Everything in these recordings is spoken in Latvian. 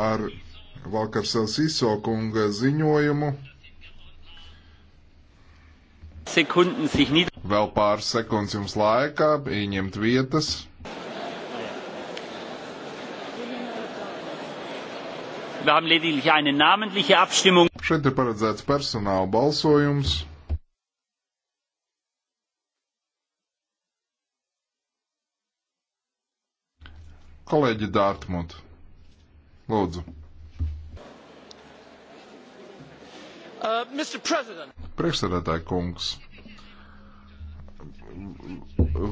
ar Valkarsels izsokunga ziņojumu. Vēl pāris sekundes jums laikā, ieņemt vietas. Šeit ir paredzēts personāla balsojums. Kolēģi Dārtmut. Lūdzu. Uh, Priekšsēdētāji kungs,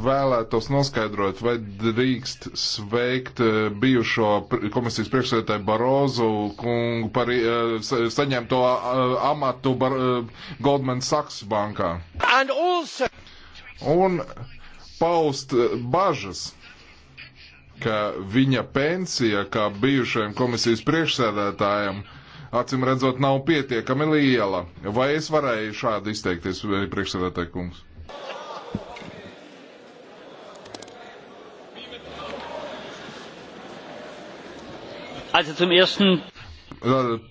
vēlētos noskaidrot, vai drīkst sveikt uh, bijušo komisijas priekšsēdētāju Barozu kungu par uh, saņemto uh, amatu Bar Goldman Sachs bankā. Also... Un paust bažas ka viņa pensija, kā bijušajam komisijas priekšsēdētājam, acīm redzot, nav pietiekami liela. Vai es varēju šādi izteikties, eh, priekšsēdētāji kungs? Also zum ersten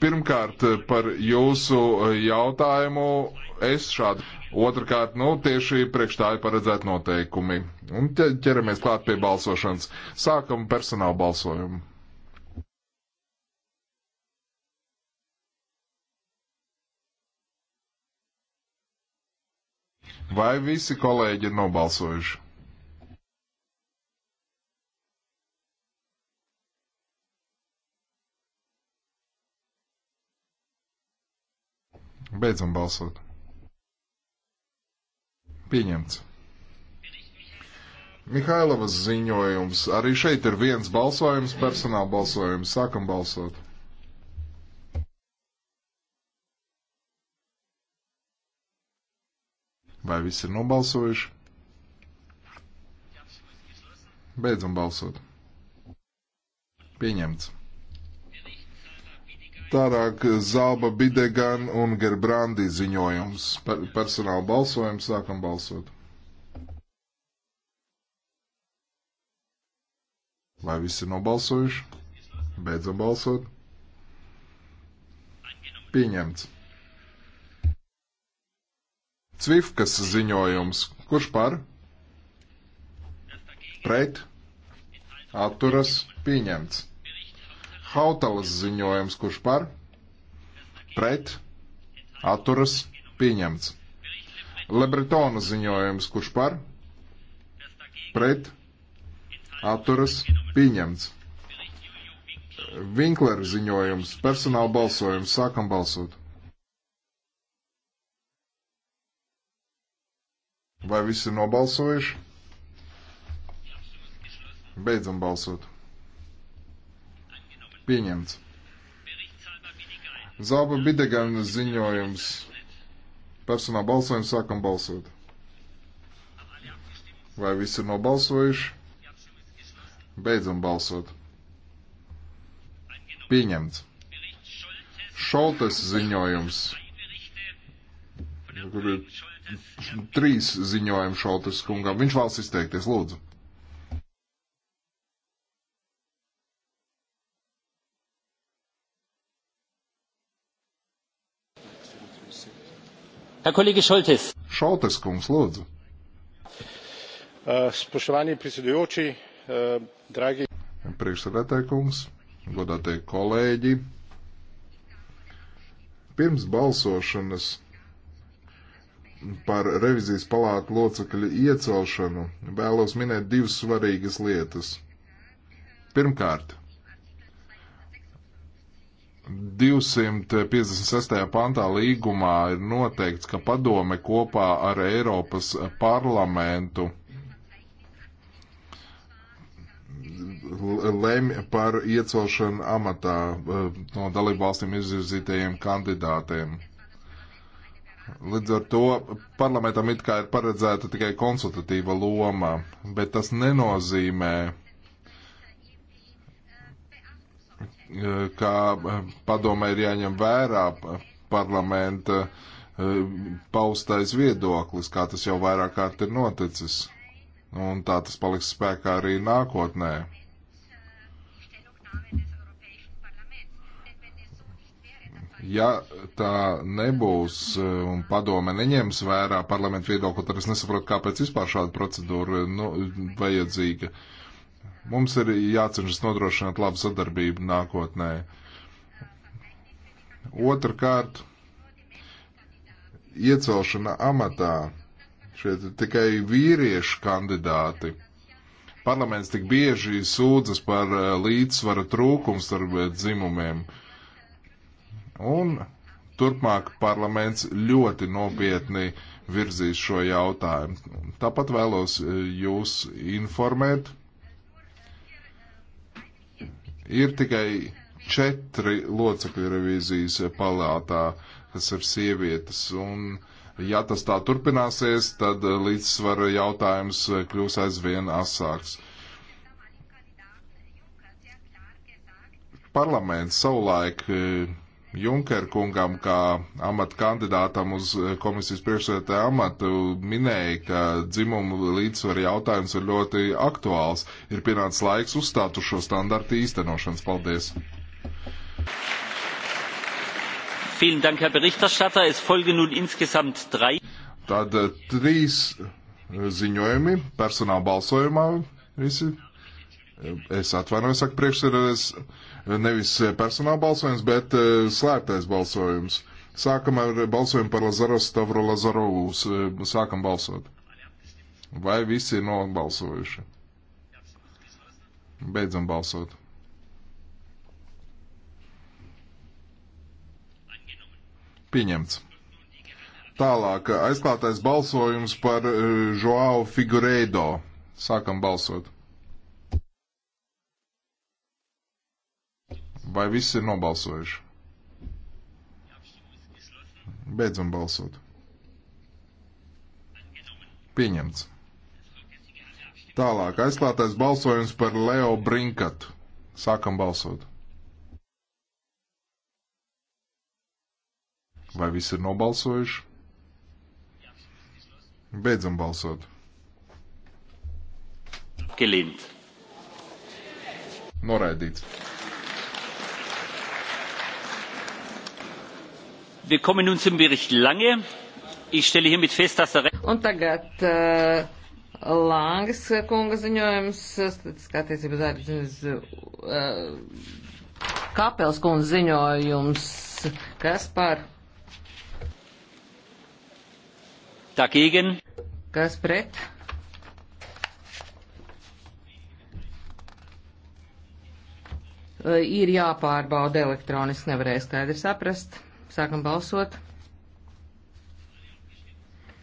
Pirmkārt, eh, par jūsu eh, jautājumu es šādu. Otrakārt, nu, tieši priekš tā ir paredzēti noteikumi. Un ķeramies klāt pie balsošanas. Sākam personāla balsojumu. Vai visi kolēģi ir nobalsojuši? Beidzam balsot. Pieņemts. Mihailovas ziņojums. Arī šeit ir viens balsojums, personāla balsojums. Sākam balsot. Vai visi ir nobalsojuši? Beidzam balsot. Pieņemts. Tālāk Zalba Bidegan un Gerbrandi ziņojums. Par, personāla balsojums sākam balsot. Vai visi ir nobalsojuši? Beidzam balsot. Pieņemts. Cvifkas ziņojums. Kurš par? Pret? Atturas? Pieņemts. Hautalas ziņojums, kurš par, pret, atturas, pieņemts. Lebretona ziņojums, kurš par, pret, atturas, pieņemts. Vinklera ziņojums, personāla balsojums, sākam balsot. Vai visi ir nobalsojuši? Beidzam balsot. Pieņemts. Zāba Bideganas ziņojums. Personā balsojums sākam balsot. Vai visi ir nobalsojuši? Beidzam balsot. Pieņemts. Šoltes ziņojums. Kur ir trīs ziņojumi Šoltes kungam. Viņš vēlas izteikties, lūdzu. Herr kolēģi Šoltis. Šoltis kungs, lūdzu. Uh, Spoštovani predsedujoči, uh, dragi. Priekšsēdētāji kungs, godātie kolēģi. Pirms balsošanas par revizijas palātu locekļu iecelšanu vēlos minēt divas svarīgas lietas. Pirmkārt, 256. pantā līgumā ir noteikts, ka padome kopā ar Eiropas parlamentu lemj par iecelšanu amatā eh, no dalību valstīm izvirzītajiem kandidātiem. Līdz ar to parlamentam it kā ir paredzēta tikai konsultatīva loma, bet tas nenozīmē, ka eh, padomē ir jāņem vērā parlamenta eh, paustais viedoklis, kā tas jau vairāk kārt ir noticis. Un tā tas paliks spēkā arī nākotnē. Ja tā nebūs eh, un padome neņems vērā parlamentu viedokli, tad es nesaprotu, kāpēc vispār šāda procedūra nu, vajadzīga. Uh, Mums ir jācenšas nodrošināt labu sadarbību nākotnē. Otrakārt, iecelšana amatā. Šeit ir tikai vīriešu kandidāti. Parlaments tik bieži sūdzas par eh, līdzsvara trūkumu starp eh, dzimumiem. Un turpmāk parlaments ļoti nopietni virzīs šo jautājumu. Tāpat vēlos eh, jūs informēt Ir tikai četri locekļi revīzijas palātā, kas ir sievietes, un ja tas tā turpināsies, tad līdzsvara jautājums kļūs aizvien asāks. Parlaments savulaik eh, Junker kungam, kā amata kandidātam uz eh, komisijas priekšsēdētāja amatu, minēja, ka dzimumu līdzsvaru jautājums ir ļoti aktuāls. Ir pienācis laiks uzstāt uz šo standartu īstenošanas. Paldies! Vielen Dank, Herr Berichterstatter. Es folgen nun insgesamt drei. Tad eh, trīs ziņojumi personāla balsojumā. Visi. Es atvainojos, saka priekšsēdētājs nevis eh, personāla balsojums, bet eh, slēptais balsojums. Sākam ar balsojumu par Lazaru Stavro Lazarovu. Eh, sākam balsot. Vai visi ir nobalsojuši? Beidzam balsot. Pieņemts. Tālāk aizklātais balsojums par Joao Figueiredo. Sākam balsot. Vai viss ir nobalsojuši? Beidzam balsot. Pieņemts. Tālāk aizklātais balsojums par Leo Brinkatu. Sākam balsot. Vai viss ir nobalsojuši? Beidzam balsot. Gelint. Noraidīts. Wir kommen nun zum Bericht Lange. Ich stelle hiermit fest, dass der... Un tagad uh, äh, Langas kunga ziņojums, statistiskā tiesība zārdzes, uh, äh, Kapels kunga ziņojums, kas par... Dagegen. Kas pret? Äh, ir jāpārbauda elektroniski, nevarēja skaidri saprast. Sākam balsot.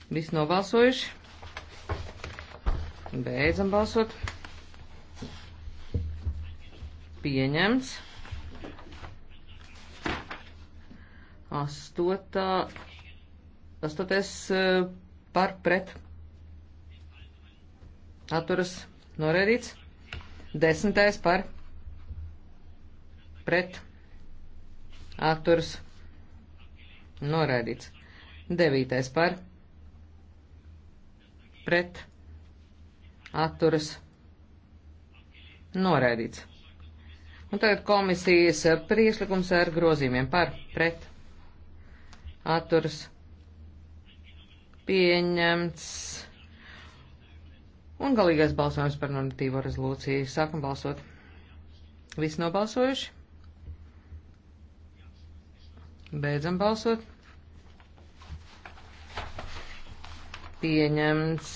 Visi nobalsojuši. Beidzam balsot. Pieņemts. Astotā, astoties eh, par pret. Atturas norēdīts. Desmitais par pret. Atturas Noraidīts. Devītais par. Pret. Atturas. Noraidīts. Un tagad komisijas priešlikums ar grozījumiem par. Pret. Atturas. Pieņemts. Un galīgais balsojums par normatīvo rezolūciju. Sākam balsot. Visi nobalsojuši? Beidzam balsot. pieņemts.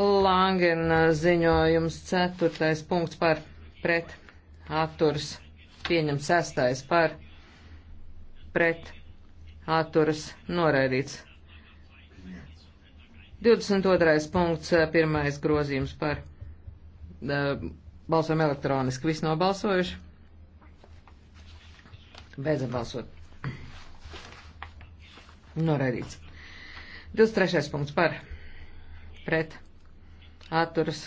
Langena ziņojums ceturtais punkts par pret atturs pieņemts sestais par pret atturs noraidīts. 22. punkts, pirmais grozījums par balsojam elektroniski. Viss nobalsojuši. Beidzam balsot. Noraidīts. 23. punkts par pret atturas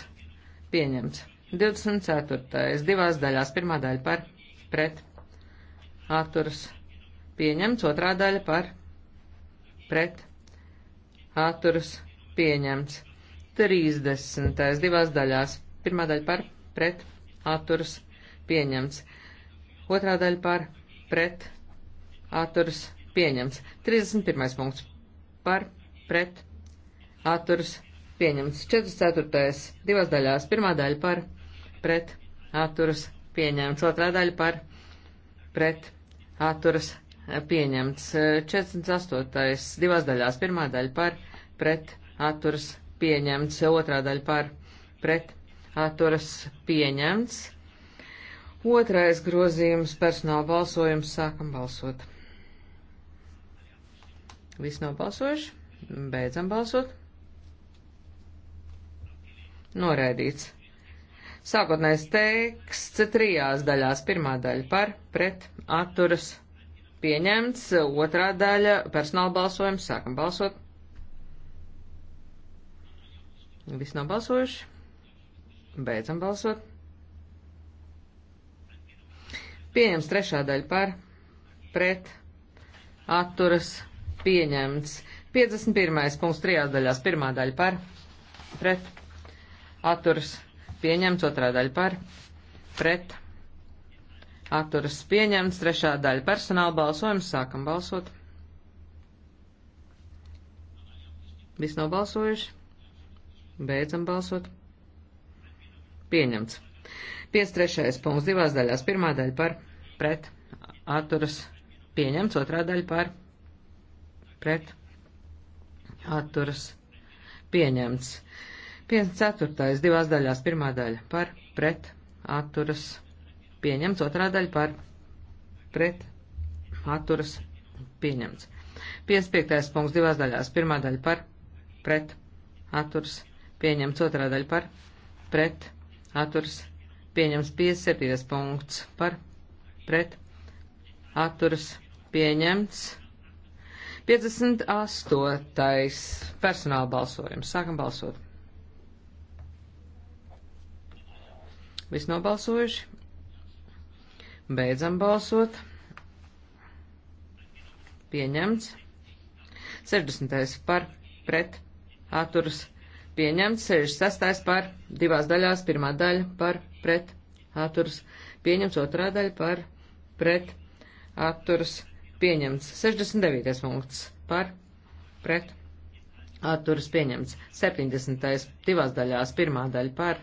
pieņemts. 24. divās daļās. Pirmā daļa par pret atturas pieņemts. Otrā daļa par pret atturas pieņemts. 30. divās daļās. Pirmā daļa par pret atturas pieņemts. Otrā daļa par pret atturas pieņemts. 31. punkts par pret atturas pieņemts. 44. divās daļās. Pirmā daļa par pret atturas pieņemts. Otrā daļa par pret atturas pieņemts. 48. divās daļās. Pirmā daļa par pret atturas pieņemts. Otrā daļa par pret atturas pieņemts. Otrais grozījums - personāla balsojums. Sākam balsot. Viss nav balsojuši. Beidzam balsot. Noraidīts. Sākotnējais teksts trijās daļās. Pirmā daļa par, pret, atturas, pieņemts. Otrā daļa personāla balsojums. Sākam balsot. Viss nav balsojuši. Beidzam balsot. Pieņems trešā daļa par, pret, atturas, pieņemts. 51. punkts trijās daļās. Pirmā daļa par, pret, atturas pieņemts, otrā daļa par, pret, atturas pieņemts, trešā daļa personāla balsojums, sākam balsot. Viss nobalsojuši, beidzam balsot. Pieņemts. 53. punkts divās daļās. Pirmā daļa par, pret, atturas pieņemts, otrā daļa par, pret, atturas pieņemts. 54. divās daļās, pirmā daļa par pret atturas pieņemts, otrā daļa par pret atturas pieņemts. 55. punkts divās daļās, pirmā daļa par pret atturas pieņemts, otrā daļa par pret atturas pieņemts, 57. punkts par pret atturas pieņemts. 58. personāla balsojums. Sākam balsot. Viss nobalsojuši. Beidzam balsot. Pieņemts. 60. par pret atturas. Pieņemts. 66. par divās daļās. Pirmā daļa par pret atturas. Pieņemts otrā daļa par pret atturas pieņemts. 69. punkts par pret atturas pieņemts. 70. divās daļās pirmā daļa par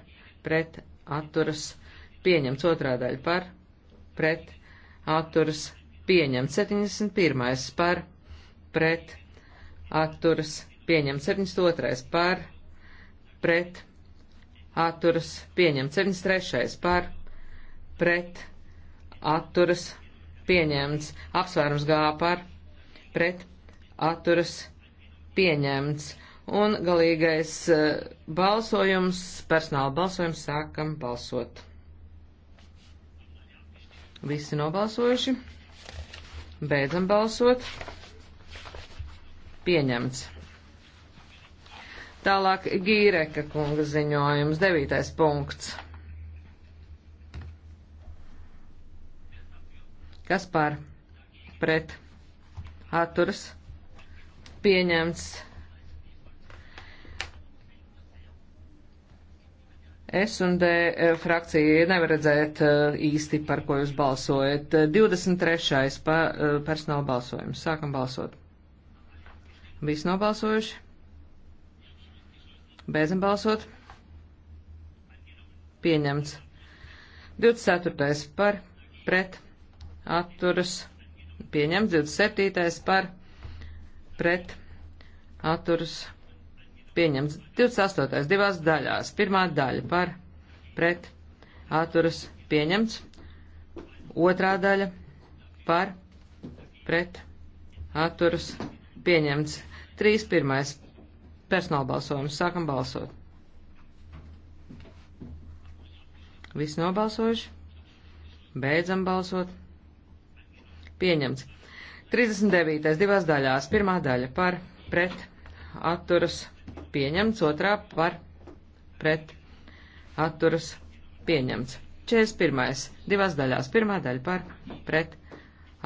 pret atturas pieņemts. Otrā daļa par pret atturas pieņemts. 71. par pret atturas pieņemts. 72. par pret atturas pieņemts. 73. par pret atturas pieņemts pieņemts. Apsvērums G par pret atturas pieņemts. Un galīgais e, balsojums, personāla balsojums, sākam balsot. Visi nobalsojuši. Beidzam balsot. Pieņemts. Tālāk Gīreka kunga ziņojums, devītais punkts. kas par pret atturas pieņemts. S un D e, frakcija nevar redzēt e, īsti, par ko jūs balsojat. 23. E, pa, personāla balsojums. Sākam balsot. Visi nobalsojuši? Beidzam balsot. Pieņemts. 24. par pret atturas pieņemts, 27. par pret atturas pieņemts, 28. divās daļās, pirmā daļa par pret atturas pieņemts, otrā daļa par pret atturas pieņemts, 3. pirmais personāla balsojums, sākam balsot. Visi nobalsojuši? Beidzam balsot. Pieņemts. 39. divās daļās. Pirmā daļa par pret atturas pieņemts, otrā par pret atturas pieņemts. 41. divās daļās. Pirmā daļa par pret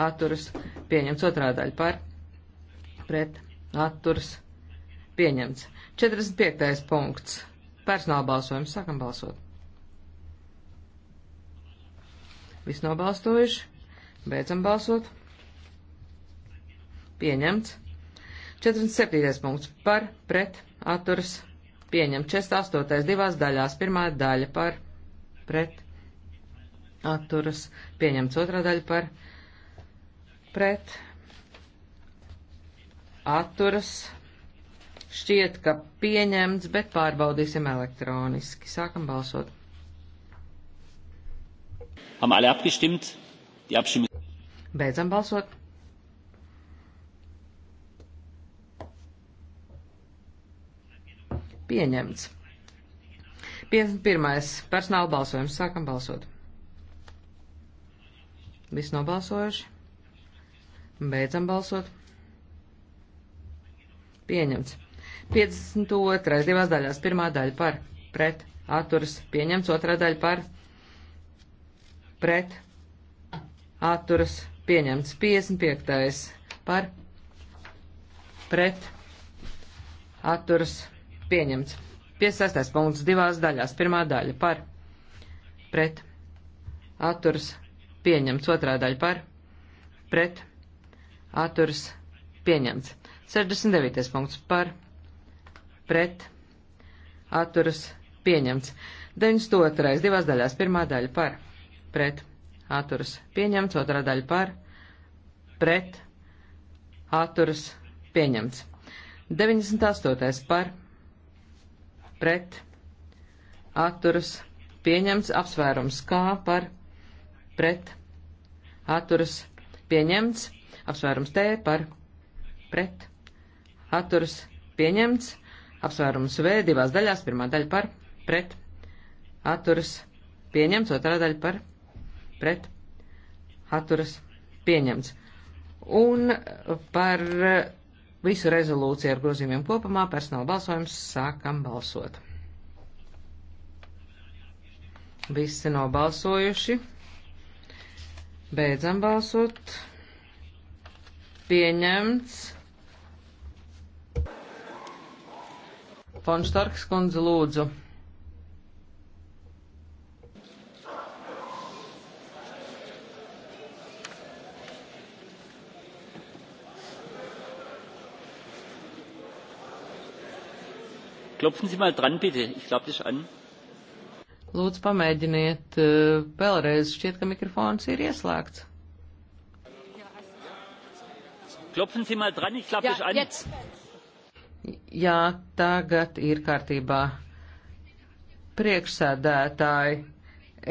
atturas pieņemts, otrā daļa par pret atturas pieņemts. 45. punkts. Personāla balsojums. Sākam balsot. Viss nobalstojuši. Beidzam balsot. Pieņemts. 47. punkts par, pret, atturas, pieņemts. 48. divās daļās. Pirmā daļa par, pret, atturas, pieņemts. Otrā daļa par, pret, atturas. Šķiet, ka pieņemts, bet pārbaudīsim elektroniski. Sākam balsot. Haben alle abgestimmt? Die Abstimmung Beidzam balsot. Pieņemts. 51. Personāla balsojums. Sākam balsot. Viss nobalsojuši. Beidzam balsot. Pieņemts. 52. divās daļās. Pirmā daļa par pret atturas. Pieņemts. Otrā daļa par pret atturas pieņemts 55. par pret atturas pieņemts. 56. punkts divās daļās. Pirmā daļa par pret atturas pieņemts. Otrā daļa par pret atturas pieņemts. 69. punkts par pret atturas pieņemts. 92. divās daļās. Pirmā daļa par pret atturas pieņemts atturas pieņemts, otrā daļa par, pret, atturas pieņemts. 98. par, pret, atturas pieņemts, apsvērums kā par, pret, atturas pieņemts, apsvērums T par, pret, atturas pieņemts, apsvērums V divās daļās, pirmā daļa par, pret, atturas pieņemts, otrā daļa par, pret pret atturas pieņemts. Un par visu rezolūciju ar grozījumiem kopumā personāla balsojums sākam balsot. Visi nobalsojuši. Beidzam balsot. Pieņemts. Fonštorks kundze lūdzu. Klopfen Sie mal dran, bitte. Ich glaube, das an. Lūdzu, pamēģiniet eh, vēlreiz. Šķiet, ka mikrofons ir ieslēgts. Klopfen Sie mal dran, ich glaube, das an. Jetzt. Jā, tagad ir kārtībā. Priekšsēdētāji,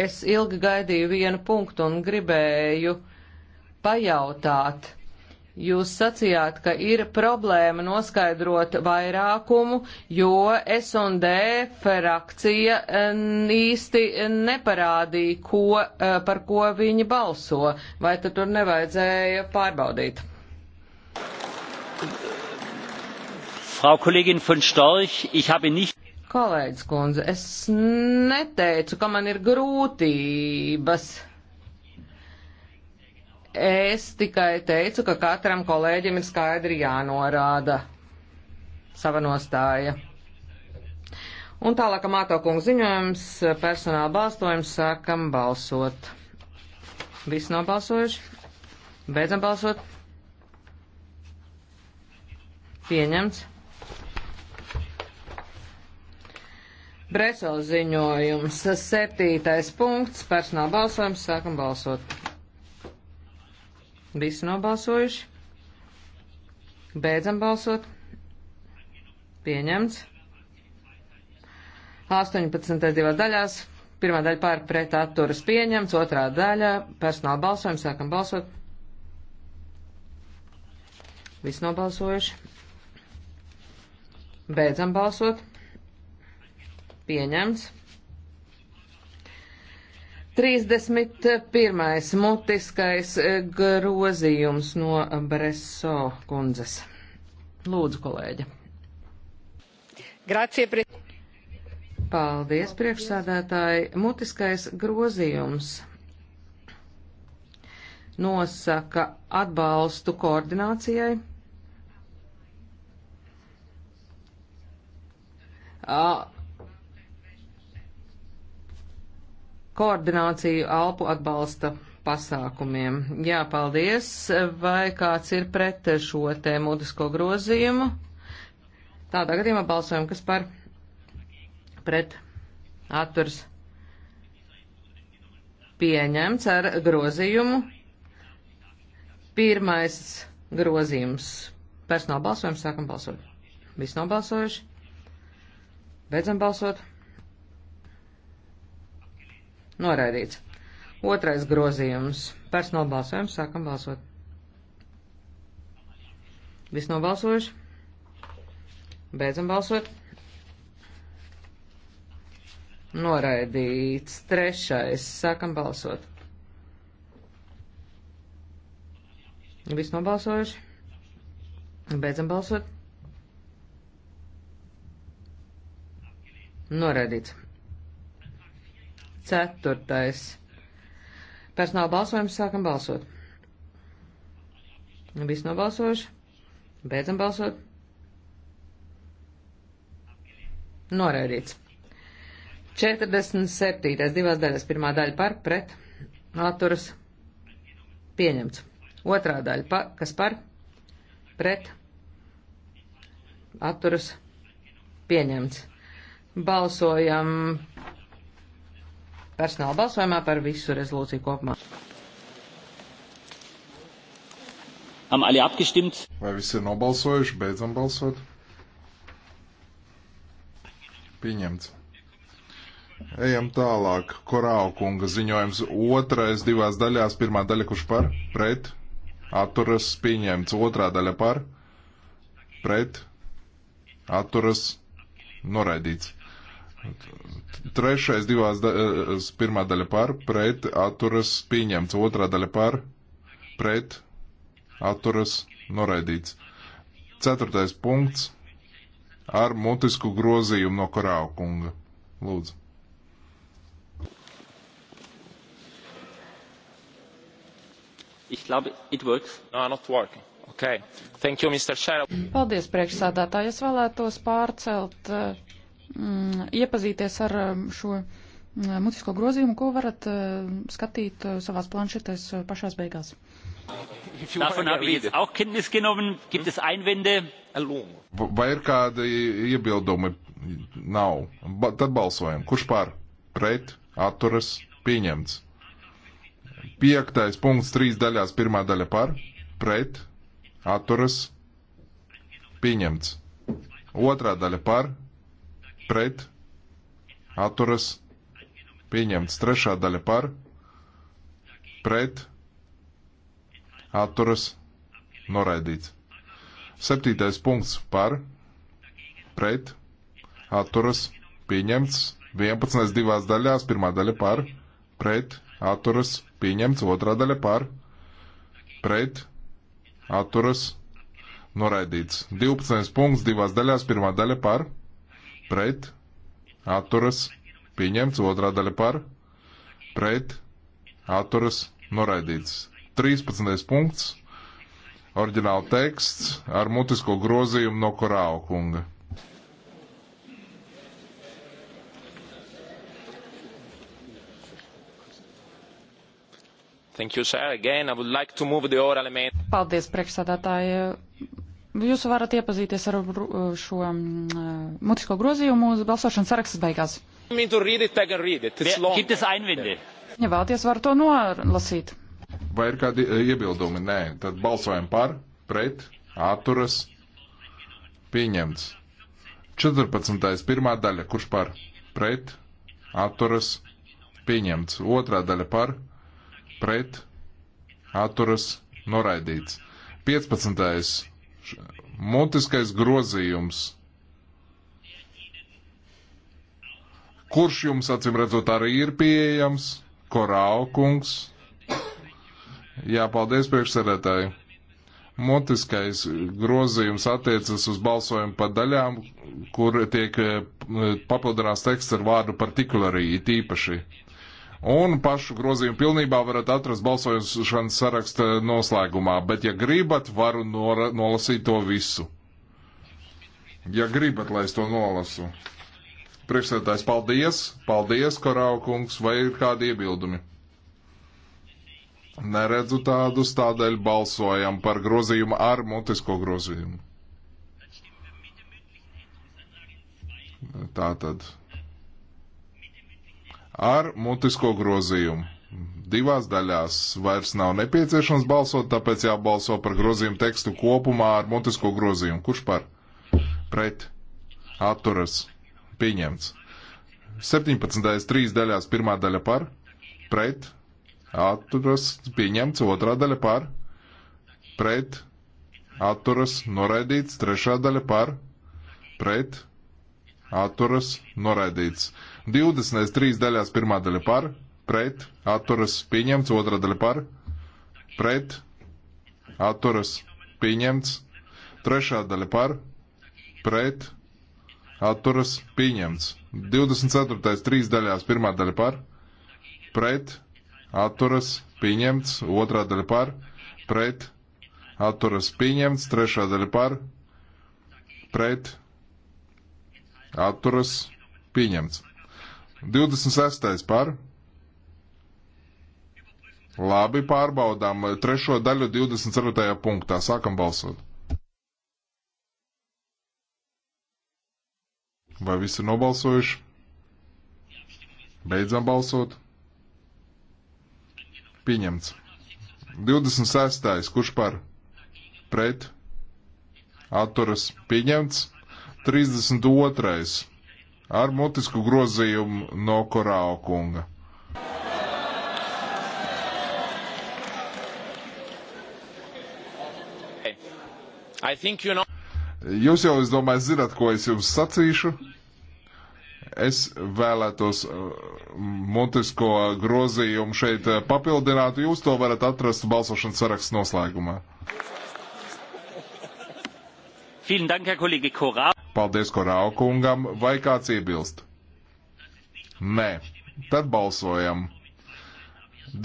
es ilgi gaidīju vienu punktu un gribēju pajautāt, Jūs sacījāt, ka ir problēma noskaidrot vairākumu, jo S&D frakcija īsti neparādīja, ko, e, par ko viņi balso. Vai tad tur nevajadzēja pārbaudīt? Frau Kollegin von Storch, ich habe nicht. Kolēģis kundze, es neteicu, ka man ir grūtības. Es tikai teicu, ka katram kolēģim ir skaidri jānorāda sava nostāja. Un tālāk, Māto kungs ziņojums, personāla balstojums, sākam balsot. Viss nav balsojuši. Beidzam balsot. Pieņemts. Breso ziņojums, septītais punkts, personāla balsojums, sākam balsot. Visi nobalsojuši. Beidzam balsot. Pieņemts. 18. divās daļās. Pirmā daļa pār pret atturas pieņemts, otrā daļa personāla balsojums. Sākam balsot. Visi nobalsojuši. Beidzam balsot. Pieņemts. 31. mutiskais eh, grozījums no Breso kundzes. Lūdzu, kolēģi. Grazie, pre... Paldies, priekšsādātāji. Mutiskais grozījums nosaka atbalstu koordinācijai, A koordināciju alpu atbalsta pasākumiem. Jā, paldies. Vai kāds ir pret šo te mutisko grozījumu? Tādā gadījumā balsojam, kas par pret atturs pieņemts ar grozījumu. Pirmais grozījums. Personāla balsojums sākam balsot. Viss nobalsojuši. Beidzam balsot. Noraidīts. Otrais grozījums. Personāla balsojums. Sākam balsot. Viss nobalsojuši. Beidzam balsot. Noraidīts. Trešais. Sākam balsot. Viss nobalsojuši. Beidzam balsot. Noraidīts. Ceturtais. Personāla balsojums sākam balsot. Viss nobalsojuši. Beidzam balsot. Noraidīts. 47. divās daļas. Pirmā daļa par, pret, atturas, pieņemts. Otrā daļa, pa, kas par, pret, atturas, pieņemts. Balsojam personāla balsojumā par visu rezolūciju kopumā. Vai visi ir nobalsojuši? Beidzam balsot. Pieņemts. Ejam tālāk. Korāla kunga ziņojums otrais divās daļās. Pirmā daļa, kurš par? Pret. Atturas pieņemts. Otrā daļa par? Pret. Atturas noraidīts. Trešais divās, da, pirmā daļa par, pret, atturas, pieņemts. Otrā daļa par, pret, atturas, noraidīts. Ceturtais punkts ar mutisku grozījumu no Korāla kunga. Lūdzu. Ich glaube, it works. No, not working. Okay. Thank you, Mr. Chair. Paldies, priekšsādātāji. Es vēlētos pārcelt uh, Mm, iepazīties ar mm, šo mm, mutisko grozījumu, ko varat skatīt savās planšetēs pašās beigās. Davon habe ich jetzt auch Kenntnis genommen. Gibt hm? es Einwände? Vai ir kādi iebildumi? Nav. Ba tad balsojam. Kurš par? Pret? Atturas? Pieņemts. Piektais punkts trīs daļās. Pirmā daļa par? Pret? Atturas? Pieņemts. Otrā daļa par? pret, atturas, pieņemts. Trešā daļa par, pret, atturas, noraidīts. Septītais punkts par, pret, atturas, pieņemts. 11. divās daļās, pirmā daļa par, pret, atturas, pieņemts, otrā daļa par, pret, atturas, noraidīts. 12. punkts divās daļās, pirmā daļa par, pret, atturas, pieņemts, otrā daļa par, pret, atturas, noraidīts. 13. punkts, oriģināla teksts ar mutisko grozījumu no Korāo kunga. You, like Paldies, priekšsādātāji. Jūs varat iepazīties ar uh, šo mm, uh, mutisko grozījumu uz balsošanas sarakstas beigās. Ja vēlaties, var to nolasīt. Vai ir kādi uh, iebildumi? Nē. Tad balsojam par, pret, atturas. Pieņemts. 14. pirmā daļa, kurš par, pret, atturas, pieņemts. Otrā daļa par, pret, atturas, noraidīts. 15. Mutiskais grozījums. Kurš jums, acīm redzot, arī ir pieejams? Korāukungs. Jā, paldies priekšsēdētāji. Mutiskais grozījums attiecas uz balsojumu pa daļām, kur tiek eh, papildināts teksts ar vārdu particularly, it īpaši. Un pašu grozījumu pilnībā varat atrast balsošanas saraksta noslēgumā, bet ja gribat, varu nora, nolasīt to visu. Ja gribat, lai es to nolasu. Priekšsēdētājs, paldies, paldies, Koraukungs, vai ir kādi iebildumi? Neredzu tādus, tādēļ balsojam par grozījumu ar mutisko grozījumu. Tā tad ar mutisko grozījumu. Divās daļās vairs nav nepieciešams balsot, tāpēc jābalso par grozījumu tekstu kopumā ar mutisko grozījumu. Kurš par? Pret. Atturas. Pieņemts. 17. trīs daļās pirmā daļa par. Pret. Atturas. Pieņemts. Otrā daļa par. Pret. Atturas. Noraidīts. Trešā daļa par. Pret. Atturas. Noraidīts. 20. trīs daļās pirmā daļa par, pret, atturas pieņemts, otrā daļa par, pret, atturas pieņemts, trešā daļa par, pret, atturas pieņemts. 24. trīs daļās pirmā daļa par, pret, atturas pieņemts, otrā daļa par, pret, atturas pieņemts, trešā daļa par, pret, atturas pieņemts. 26. par. Labi, pārbaudām trešo daļu 24. punktā. Sākam balsot. Vai visi ir nobalsojuši? Beidzam balsot. Pieņemts. 26. Kurš par? Pret. Atturas. Pieņemts. 32 ar mutisku grozījumu no Korāo kunga. You know... Jūs jau, es domāju, zināt, ko es jums sacīšu. Es vēlētos uh, mutisko grozījumu šeit uh, papildināt. Jūs to varat atrast balsošanas saraksts noslēgumā. Vielen Dank, Herr Kollege Korau. Paldies Koraukungam. Vai kāds iebilst? Nē. Tad balsojam.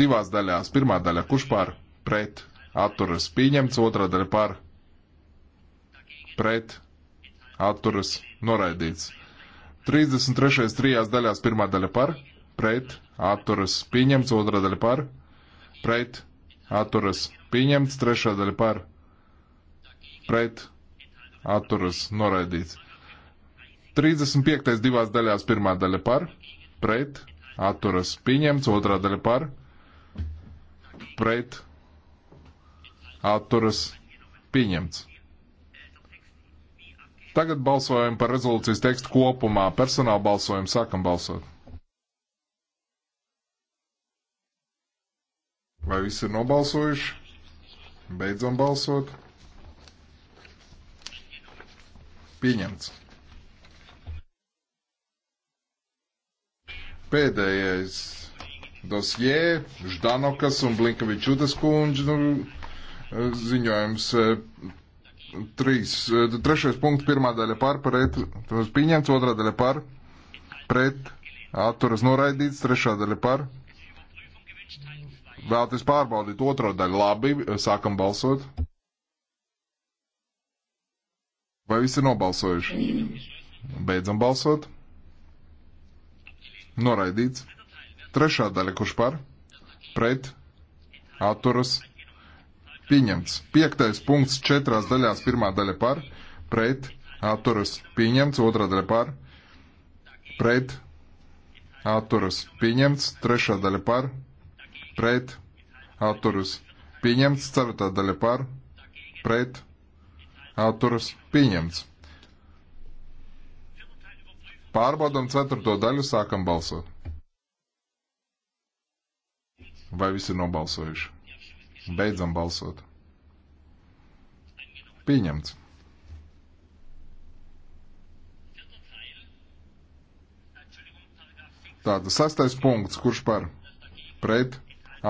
Divās daļās. Pirmā daļa kurš par? Pret. Atturas. Pieņemts. Otrā daļa par? Pret. Atturas. Noraidīts. 33. trijās daļās. Pirmā daļa par? Pret. Atturas. Pieņemts. Otrā daļa par? Pret. Atturas. Pieņemts. Trešā daļa par? Pret atturas noraidīts. 35. divās daļās pirmā daļa par, pret, atturas pieņemts, otrā daļa par, pret, atturas pieņemts. Tagad balsojam par rezolūcijas tekstu kopumā. Personāla balsojumu sākam balsot. Vai visi ir nobalsojuši? Beidzam balsot. Pieņemts. Pēdējais dosjē Ždanokas un Blinkavičūtas kundze nu, ziņojums eh, trīs, eh, trešais punkts, pirmā daļa par, pret, pieņemts, otrā daļa par, pret, atturas noraidīts, trešā daļa par. Vēlties pārbaudīt otro daļu. Labi, sākam balsot. Vai visi ir nobalsojuši? Beidzam balsot. Noraidīts. Trešā daļa, kurš par, pret, atturas, pieņemts. Piektais punkts četrās daļās, pirmā daļa par, pret, atturas, pieņemts, otrā daļa par, pret, atturas, pieņemts, trešā daļa par, pret, atturas, pieņemts, ceturtā daļa par, pret, atturas atturas pieņemts. Pārbaudam ceturto daļu, sākam balsot. Vai visi ir nobalsojuši? Beidzam balsot. Pieņemts. Tāda sastais punkts, kurš par pret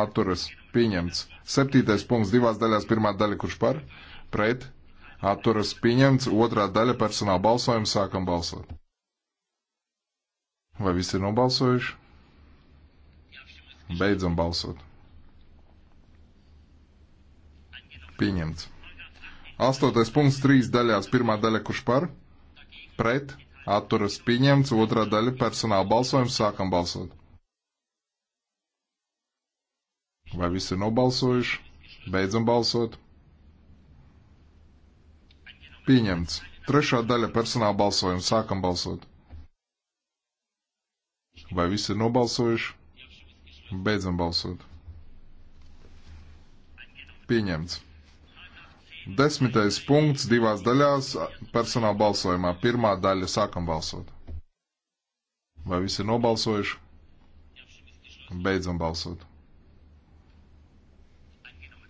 atturas pieņemts. Septītais punkts divās daļās, pirmā daļa, kurš par pret atturas pieņemts, otrā daļa personāla balsojuma sākam balsot. Vai visi ir nobalsojuši? Beidzam balsot. Pieņemts. Astotais punkts trīs daļās. Pirmā daļa kurš par? Pret. Atturas pieņemts. Otrā daļa personāla balsojums. Sākam balsot. Vai visi ir nobalsojuši? Beidzam balsot. Pieņemts. Trešā daļa personāla balsojuma. Sākam balsot. Vai visi ir nobalsojuši? Beidzam balsot. Pieņemts. Desmitais punkts divās daļās personāla balsojumā. Pirmā daļa sākam balsot. Vai visi ir nobalsojuši? Beidzam balsot.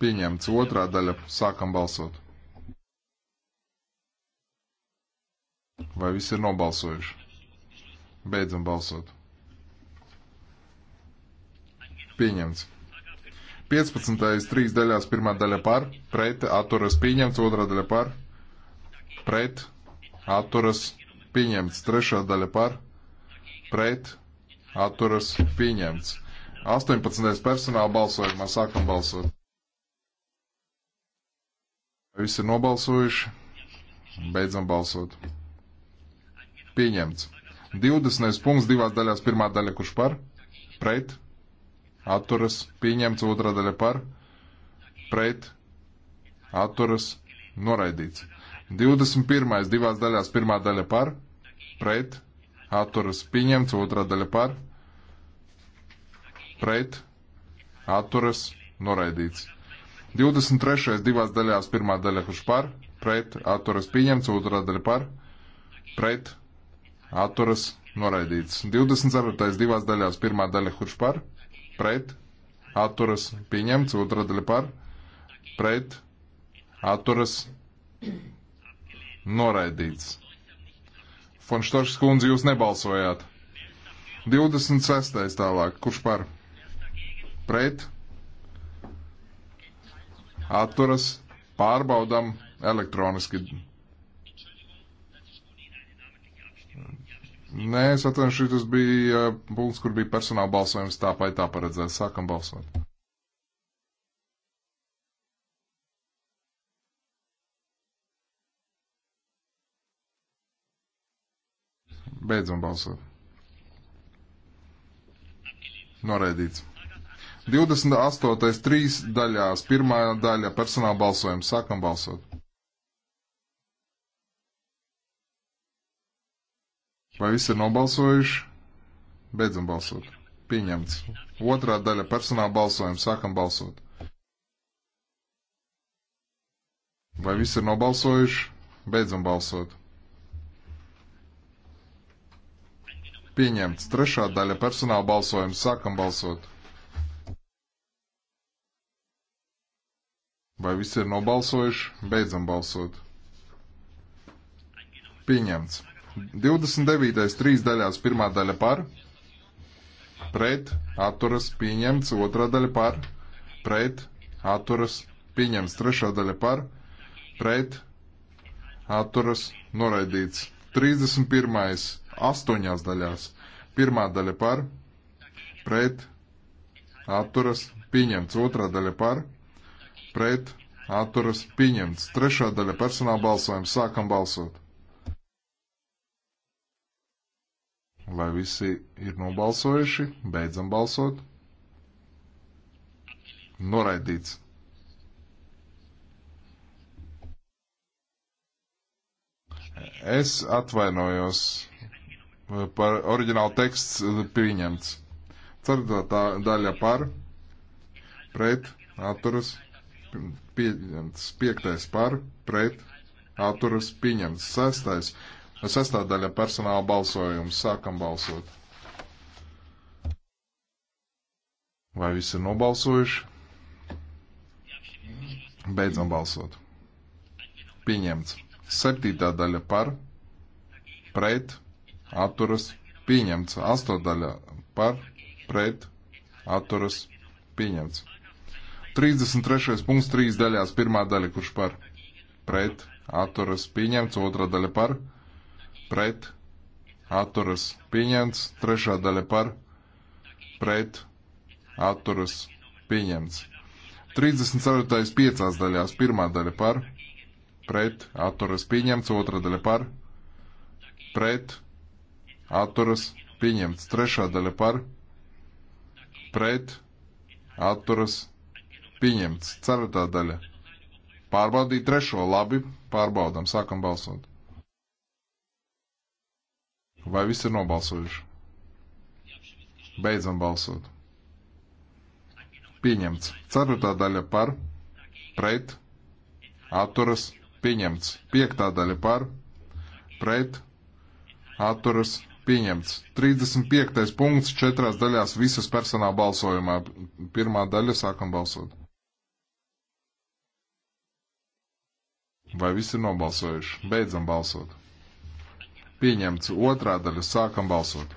Pieņemts. Otrā daļa sākam balsot. Vai visi ir nobalsojuši? Beidzam balsot. Pieņemts. 15. trīs daļās pirmā daļa par, pret, atturas pieņemts, otrā daļa par, pret, atturas pieņemts, trešā daļa par, pret, atturas pieņemts. 18. personāla balsojumā sākam balsot. Visi ir nobalsojuši. Beidzam balsot. Pieņemts. 20. punkts divās daļās. Pirmā daļa, kurš par? Pret. Atturas. Pieņemts. Otrā daļa par? Pret. Atturas. Noraidīts. 21. divās daļās. Pirmā daļa par? Pret. Atturas. Pieņemts. Otrā daļa par? Pret. Atturas. Noraidīts. 23. divās daļās. Pirmā daļa, kurš par? Pret. Atturas. Pieņemts. Otrā daļa par? Pret atturas noraidīts. 24. divās daļās, pirmā daļa kurš par, pret, atturas pieņemts, otrā daļa par, pret, atturas noraidīts. Fonštoršs kundze, jūs nebalsojāt. 26. tālāk, kurš par, pret, atturas pārbaudam elektroniski. Nē, es atvainojos, šis bija eh, punkts, kur bija personāla balsojums tā vai tā paredzēts. Sākam balsot. Beidzam balsot. Noraidīts. 28. trīs daļās. Pirmā daļa personāla balsojums. Sākam balsot. Vai visi ir nobalsojuši? Beidzam balsot. Pieņemts. Otrā daļa personāla balsojuma. Sākam balsot. Vai visi ir nobalsojuši? Beidzam balsot. Pieņemts. Trešā daļa personāla balsojuma. Sākam balsot. Vai visi ir nobalsojuši? Beidzam balsot. Pieņemts. 29. trīs daļās pirmā daļa par, pret, atturas, pieņemts, otrā daļa par, pret, atturas, pieņemts, trešā daļa par, pret, atturas, noraidīts. 31. astoņās daļās, pirmā daļa par, pret, atturas, pieņemts, otrā daļa par, pret, atturas, pieņemts, trešā daļa personāla balsojums, sākam balsot. Vai visi ir nobalsojuši? Beidzam balsot. Noraidīts. Es atvainojos eh, par oriģinālu teksts eh, pieņemts. Ceturtā daļa par, pret, atturas, pieņemts. Piektais par, pret, atturas, pieņemts. Sestais Sastāvdaļa personāla balsojums. Sākam balsot. Vai visi ir nobalsojuši? Beidzam balsot. Pieņemts. Septītā daļa par, pret, atturas, pieņemts. Astotdaļa par, pret, atturas, pieņemts. 33. punkts, 3 daļās, pirmā daļa, kurš par, pret, atturas, pieņemts, otrā daļa par, pret pret, atturas pieņemts, trešā daļa par, pret, atturas pieņemts. 34. piecās daļās, pirmā daļa par, pret, atturas pieņemts, otrā daļa par, pret, atturas pieņemts, trešā daļa par, pret, atturas pieņemts, ceturtā daļa. Pārbaudīt trešo, labi, pārbaudam, sākam balsot. Vai viss ir nobalsojuši? Beidzam balsot. Pieņemts. Ceturtā daļa par, pret, atturas, pieņemts. Piektā daļa par, pret, atturas, pieņemts. 35. punkts četrās daļās visas personāla balsojumā. Pirmā daļa sākam balsot. Vai visi ir nobalsojuši? Beidzam balsot. Pieņemts otrā daļa. Sākam balsot.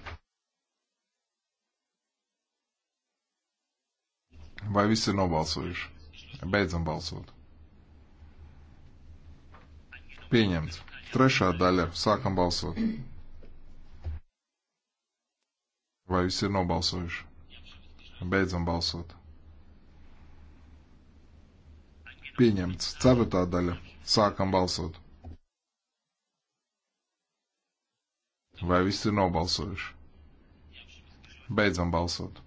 Vai visi ir nobalsojuši? Beidzam balsot. Pieņemts. Trešā daļa. Sākam balsot. Vai visi ir nobalsojuši? Beidzam balsot. Pieņemts. Ceturtā daļa. Sākam balsot. Vai viss ir nobalsojuši? Beidzam balsot.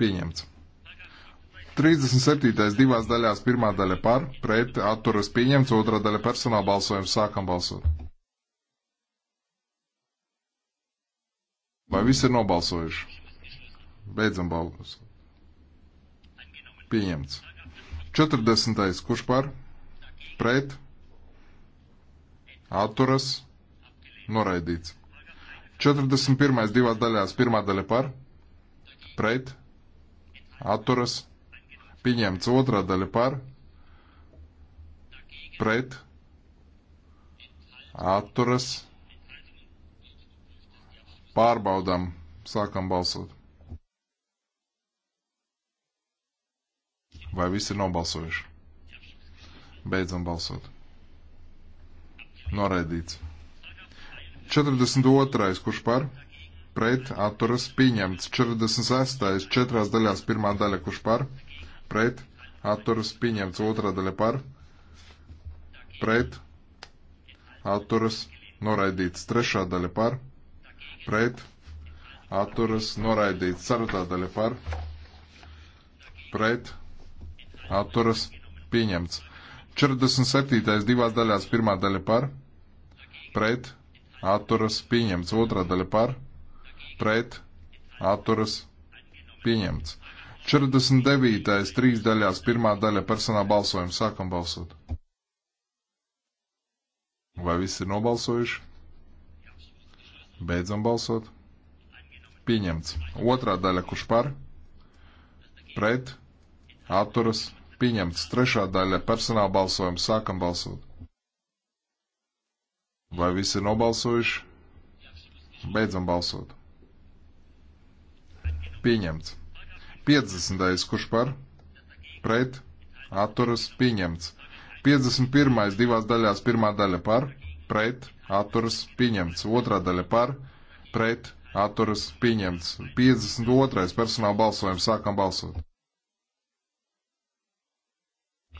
Pieņemts. 37. divās daļās, pirmā daļa par, pret, atturas pieņemts, otrā daļa personāla balsojums, sākam balsot. Vai visi ir nobalsojuši? Beidzam balsot. Pieņemts. 40. kurš par, pret, Atturas. Noraidīts. 41. divās daļās. Pirmā daļa par. Pret. Atturas. Pieņemts. Otrā daļa par. Pret. Atturas. Pārbaudām. Sākam balsot. Vai visi ir nobalsojuši? Beidzam balsot. Noraidīts. 42. Kurš par? Pret. Atturas. Pieņemts. 46. Četrās daļās. Pirmā daļa. Kurš par? Pret. Atturas. Pieņemts. Otrā daļa par? Pret. Atturas. Noraidīts. Trešā daļa par? Pret. Atturas. Noraidīts. Ceturtā daļa par? Pret. Atturas. Pieņemts. 47. divās daļās. Pirmā daļa par? Pret pret, atturas, pieņemts. Otrā daļa par, pret, atturas, pieņemts. 49. trīs daļās, pirmā daļa personā balsojuma. Sākam balsot. Vai visi ir nobalsojuši? Beidzam balsot. Pieņemts. Otrā daļa, kurš par, pret, atturas, pieņemts. Trešā daļa personāla balsojums. Sākam balsot. Vai visi ir nobalsojuši? Beidzam balsot. Pieņemts. 50. kurš par? Pret? Atturas pieņemts. 51. divās daļās pirmā daļa par? Pret? Atturas pieņemts. Otrā daļa par? Pret? Atturas pieņemts. 52. personāla balsojums. Sākam balsot.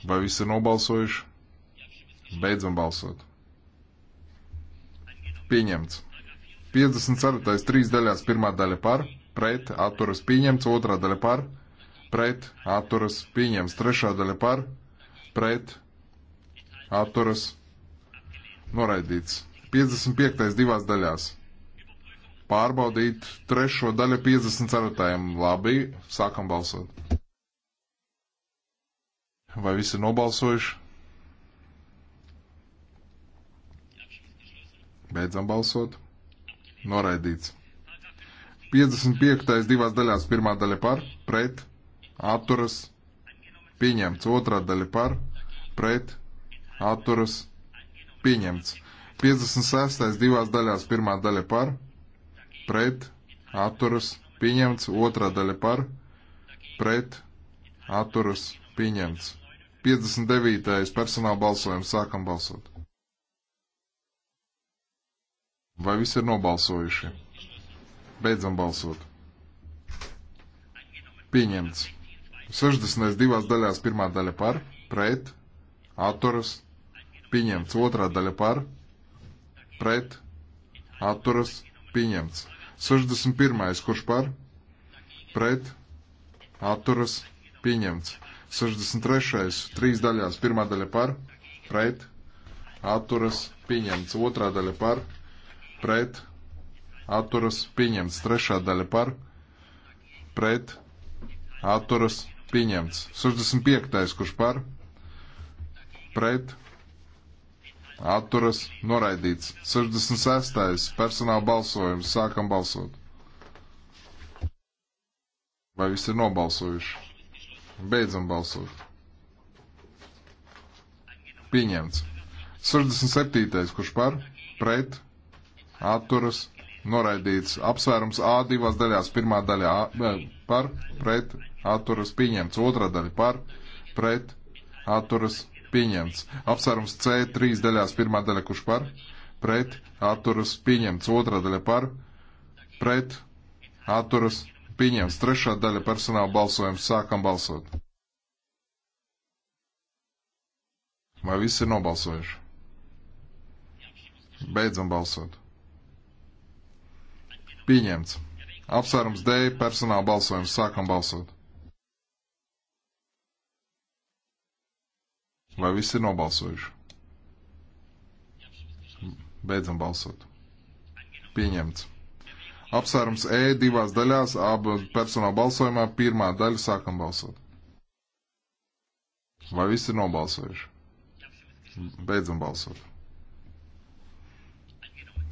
Vai visi ir nobalsojuši? Beidzam balsot. Pieņemts. 54. trīs daļās pirmā daļa par, pret, atturas pieņemts, otrā daļa par, pret, atturas pieņemts, trešā daļa par, pret, atturas noraidīts. 55. divās daļās. Pārbaudīt trešo daļu 54. Labi, sākam balsot. Vai visi nobalsojuši? Beidzam balsot. Noraidīts. 55. divās daļās. Pirmā daļa par, pret, atturas, pieņemts. Otrā daļa par, pret, atturas, pieņemts. 56. divās daļās. Pirmā daļa par, pret, atturas, pieņemts. Otrā daļa par, pret, atturas, pieņemts. 59. personāla balsojums. Sākam balsot. Vai visi ir nobalsojuši? Beidzam balsot. Pieņemts. 60. divās daļās pirmā daļa par, pret, atturas. Pieņemts. Otrā daļa par, pret, atturas. Pieņemts. 61. kurš par, pret, atturas. Pieņemts. 63. trīs daļās pirmā daļa par, pret, atturas. Pieņemts. Otrā daļa par, pret pret, atturas pieņemts. Trešā daļa par, pret, atturas pieņemts. 65. kurš par, pret, atturas noraidīts. 66. personāla balsojums. Sākam balsot. Vai visi ir nobalsojuši? Beidzam balsot. Pieņemts. 67. kurš par? Pret? atturas noraidīts. Apsvērums A divās daļās. Pirmā daļa A, par, pret, atturas pieņemts. Otra daļa par, pret, atturas pieņemts. Apsvērums C trīs daļās. Pirmā daļa kurš par, pret, atturas pieņemts. Otra daļa par, pret, atturas pieņemts. Trešā daļa personāla balsojums. Sākam balsot. Vai visi ir nobalsojuši? Beidzam balsot. Pieņemts. Apsvērums D personāla balsojums. Sākam balsot. Vai visi ir nobalsojuši? Beidzam balsot. Pieņemts. Apsvērums E divās daļās, abu personāla balsojumā. Pirmā daļa sākam balsot. Vai visi ir nobalsojuši? Beidzam balsot.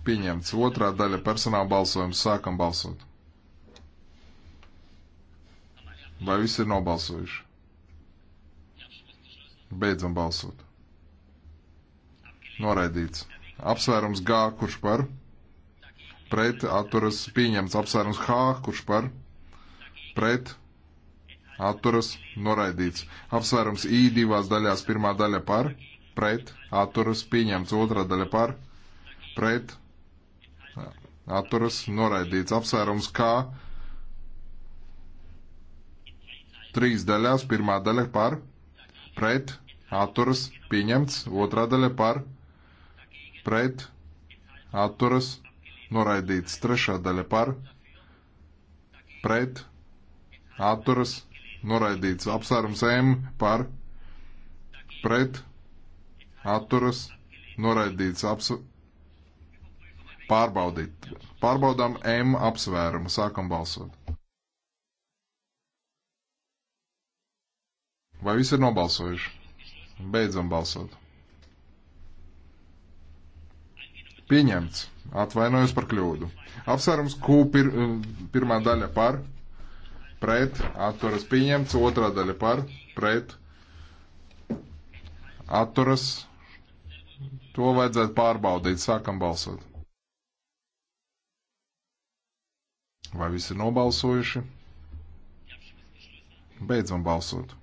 Pieņemts. Otrā daļa personāla balsojums. Sākam balsot. Vai visi ir nobalsojuši? Beidzam balsot. Noraidīts. Apsvērums G, kurš par? Pret atturas pieņemts. Apsvērums H, kurš par? Pret atturas noraidīts. Apsvērums I divās daļās. Pirmā daļa par? Pret atturas pieņemts. Otra daļa par? Pret atturas noraidīts. Apsvērums kā trīs daļās. Pirmā daļa par, pret, atturas, pieņemts. Otrā daļa par, pret, atturas, noraidīts. Trešā daļa par, pret, atturas, noraidīts. Apsvērums M par, pret, atturas, noraidīts. Apsvērums Pārbaudīt. Pārbaudām M apsvērumu. Sākam balsot. Vai visi ir nobalsojuši? Beidzam balsot. Pieņemts. Atvainojos par kļūdu. Apsvērums Q pir, pirmā daļa par, pret, atturas pieņemts, otrā daļa par, pret, atturas. To vajadzētu pārbaudīt. Sākam balsot. Vai visi ir nobalsojuši? Beidzam balsot.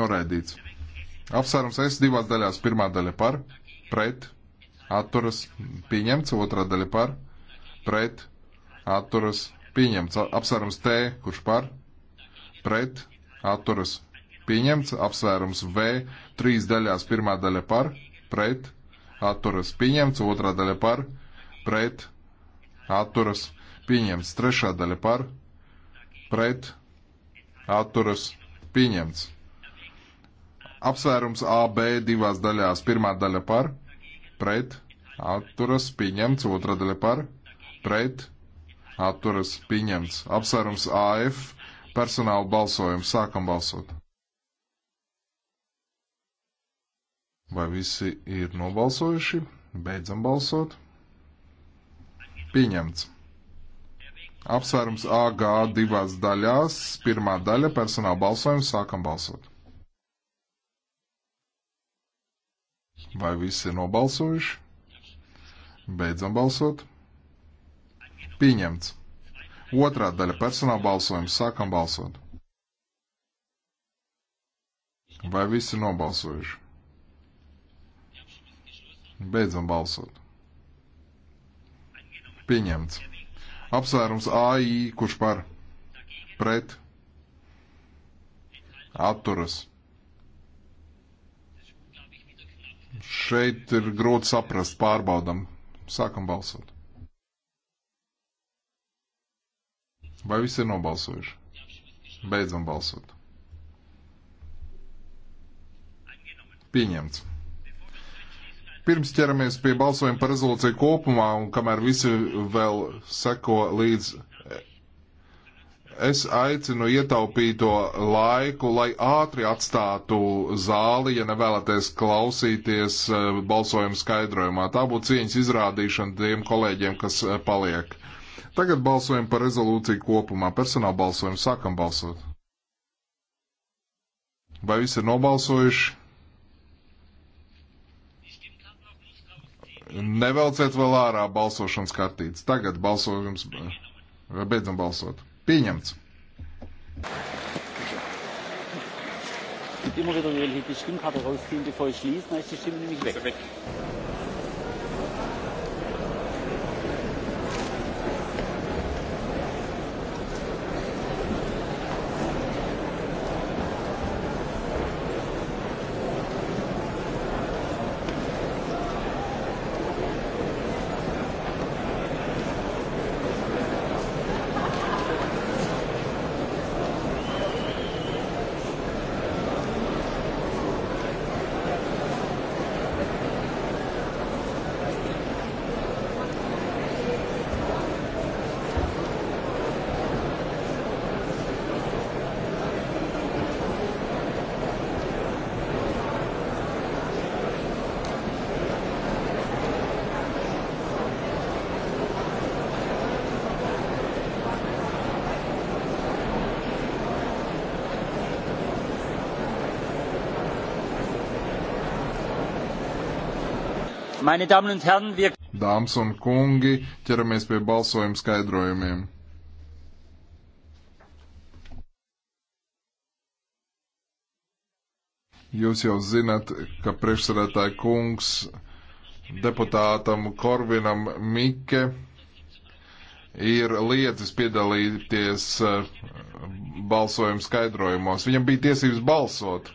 Noraidīts. Apsvērums S divās daļās. Pirmā daļa par, pret, atturas, pieņemts. Otrā daļa par, pret, atturas, pieņemts. Apsvērums T, kurš par, pret, atturas, pieņemts. Apsvērums V trīs daļās. Pirmā daļa par, pret, atturas, pieņemts. Otrā daļa par, pret, atturas atturas pieņemts. Trešā daļa par pret atturas pieņemts. Apsvērums AB divās daļās. Pirmā daļa par pret atturas pieņemts. Otra daļa par pret atturas pieņemts. Apsvērums AF personāla balsojums. Sākam balsot. Vai visi ir nobalsojuši? Beidzam balsot. Pieņemts. Apsvērums AG divās daļās. Pirmā daļa - personāla balsojums. Sākam balsot. Vai visi ir nobalsojuši? Beidzam balsot. Pieņemts. Otrā daļa - personāla balsojums. Sākam balsot. Vai visi ir nobalsojuši? Beidzam balsot. Pieņemts. Apsvērums AI, kurš par pret atturas. Šeit ir grūti saprast, pārbaudam. Sākam balsot. Vai visi ir nobalsojuši? Beidzam balsot. Pieņemts. Pirms ķeramies pie balsojuma par rezolūciju kopumā un kamēr visi vēl seko līdz, es aicinu ietaupīto laiku, lai ātri atstātu zāli, ja nevēlaties klausīties eh, balsojuma skaidrojumā. Tā būtu cieņas izrādīšana tiem kolēģiem, kas eh, paliek. Tagad balsojam par rezolūciju kopumā. Personāla balsojumu sākam balsot. Vai visi ir nobalsojuši? Nevelciet vēl ārā balsošanas kartītes. Tagad balsojums. Eh, beidzam balsot. Pieņemts. Immer wieder die Stimmkarte rausziehen, bevor ich schließe, dann ist die er Stimme nämlich weg. Dāmas un kungi, ķeramies pie balsojuma skaidrojumiem. Jūs jau zinat, ka priekšsēdētāja kungs deputātam Korvinam Mike ir lietas piedalīties eh, balsojuma skaidrojumos. Viņam bija tiesības balsot.